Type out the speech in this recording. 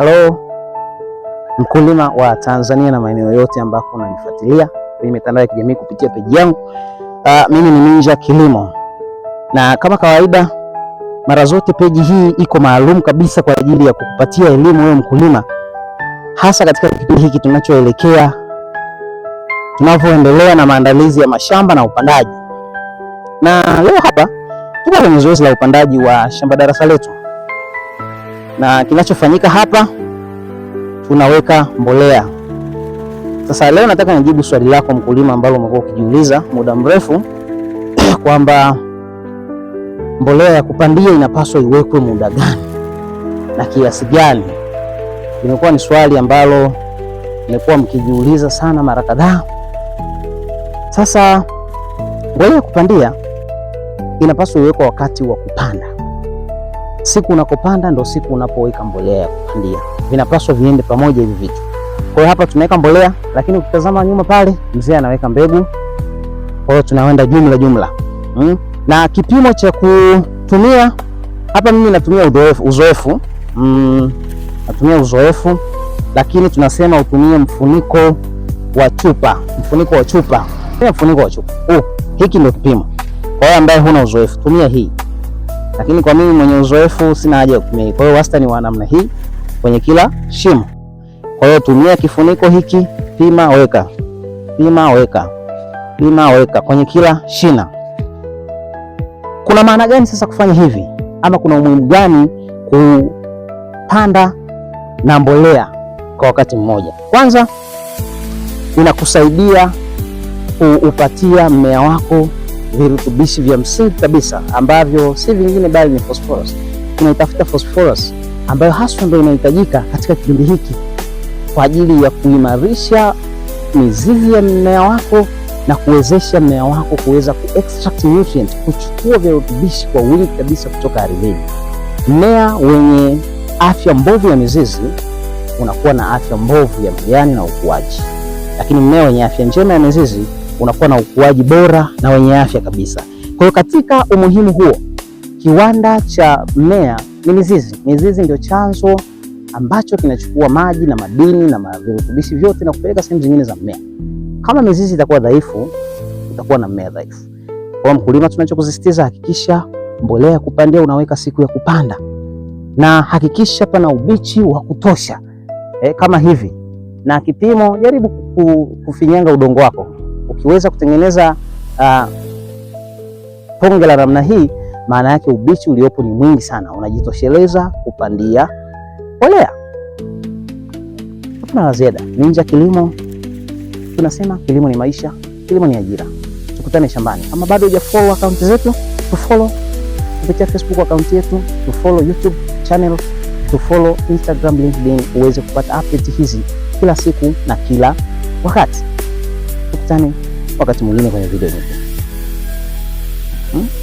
Halo mkulima wa Tanzania na maeneo yote ambako unanifuatilia kwenye mitandao ya kijamii kupitia peji yangu. Uh, mimi ni Minja Kilimo na kama kawaida, mara zote peji hii iko maalum kabisa kwa ajili ya kukupatia elimu wewe mkulima, hasa katika kipindi hiki tunachoelekea, tunavyoendelea na maandalizi ya mashamba na upandaji. Na leo hapa tuko kwenye zoezi la upandaji wa shamba darasa letu na kinachofanyika hapa tunaweka mbolea. Sasa leo nataka nijibu swali lako mkulima, ambalo umekuwa ukijiuliza muda mrefu kwamba mbolea ya kupandia inapaswa iwekwe muda gani na kiasi gani. Limekuwa ni swali ambalo nimekuwa mkijiuliza sana mara kadhaa. Sasa mbolea ya kupandia inapaswa iwekwa wakati wa kupanda siku unakopanda ndo siku unapoweka mbolea ya kupandia, vinapaswa viende pamoja hivi vitu. Kwa hiyo hapa tunaweka mbolea, lakini ukitazama nyuma pale mzee anaweka mbegu. Kwa hiyo tunaenda jumla jumla, hmm? na kipimo cha kutumia hapa mimi natumia uzoefu, uzoefu. Hmm, natumia uzoefu, lakini tunasema utumie mfuniko wa chupa, mfuniko wa chupa, mfuniko wa chupa. Uh, hiki ndio kipimo. Kwa hiyo ambaye huna uzoefu tumia hii lakini kwa mimi mwenye uzoefu sina haja ya kutumia. Kwa hiyo wastani wa namna hii kwenye kila shimo. Kwa hiyo tumia kifuniko hiki, pima weka, pima weka, pima weka kwenye kila shina. Kuna maana gani sasa kufanya hivi, ama kuna umuhimu gani kupanda na mbolea kwa wakati mmoja? Kwanza inakusaidia kuupatia mmea wako virutubishi vya msingi kabisa ambavyo si vingine bali ni phosphorus. Tunaitafuta phosphorus ambayo haswa ndio inahitajika katika kipindi hiki kwa ajili ya kuimarisha mizizi ya mmea wako na kuwezesha mmea wako kuweza kuextract nutrient, kuchukua virutubishi kwa wingi kabisa kutoka ardhini. Mmea wenye afya mbovu ya mizizi unakuwa na afya mbovu ya mjani na ukuaji, lakini mmea wenye afya njema ya mizizi unakuwa na ukuaji bora na wenye afya kabisa. Kwa hiyo katika umuhimu huo, kiwanda cha mmea ni mizizi. Mizizi ndio chanzo ambacho kinachukua maji na madini na virutubishi vyote na kupeleka sehemu zingine za mmea. Kama mizizi itakuwa dhaifu, utakuwa na mmea dhaifu. Kwa mkulima, tunachokusisitiza hakikisha mbolea ya kupandia unaweka siku ya kupanda na hakikisha pana ubichi wa kutosha. E, kama hivi na kipimo, jaribu kufinyanga udongo wako Ukiweza kutengeneza uh, ah, ponge la namna hii, maana yake ubichi uliopo ni mwingi sana, unajitosheleza kupandia mbolea. tuna la ziada. Minja Kilimo tunasema kilimo ni maisha, kilimo ni ajira. Tukutane shambani. Kama bado hujafollow akaunti zetu, tufollow kupitia Facebook akaunti yetu, tufollow YouTube channel, tufollow Instagram, LinkedIn uweze kupata update hizi kila siku na kila wakati tukutane wakati mwingine kwenye video nyingine hmm?